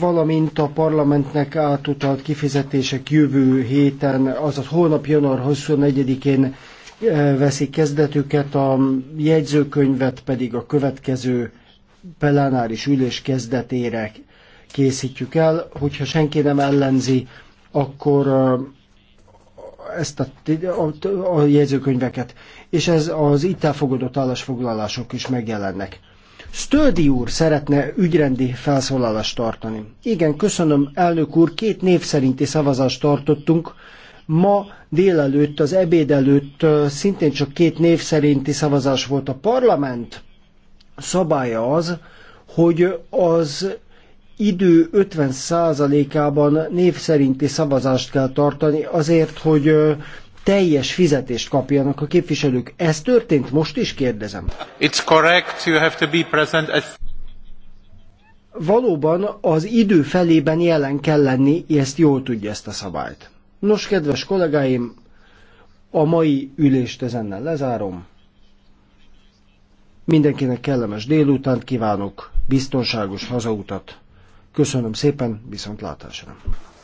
valamint a parlamentnek átutalt kifizetések jövő héten, azaz holnap január 24-én eh, veszik kezdetüket, a jegyzőkönyvet pedig a következő plenáris ülés kezdetére készítjük el. Hogyha senki nem ellenzi, akkor eh, ezt a, a, a jegyzőkönyveket, és ez az itt elfogadott állásfoglalások is megjelennek. Stöldi úr szeretne ügyrendi felszólalást tartani. Igen, köszönöm, elnök úr, két név szerinti szavazást tartottunk. Ma délelőtt, az ebéd előtt szintén csak két név szerinti szavazás volt a parlament. Szabálya az, hogy az idő 50%-ában név szerinti szavazást kell tartani azért, hogy teljes fizetést kapjanak a képviselők. Ez történt most is, kérdezem. It's correct, you have to be present at... Valóban az idő felében jelen kell lenni, ezt jól tudja ezt a szabályt. Nos, kedves kollégáim, a mai ülést ezennel lezárom. Mindenkinek kellemes délutánt kívánok, biztonságos hazautat. Köszönöm szépen, viszontlátásra!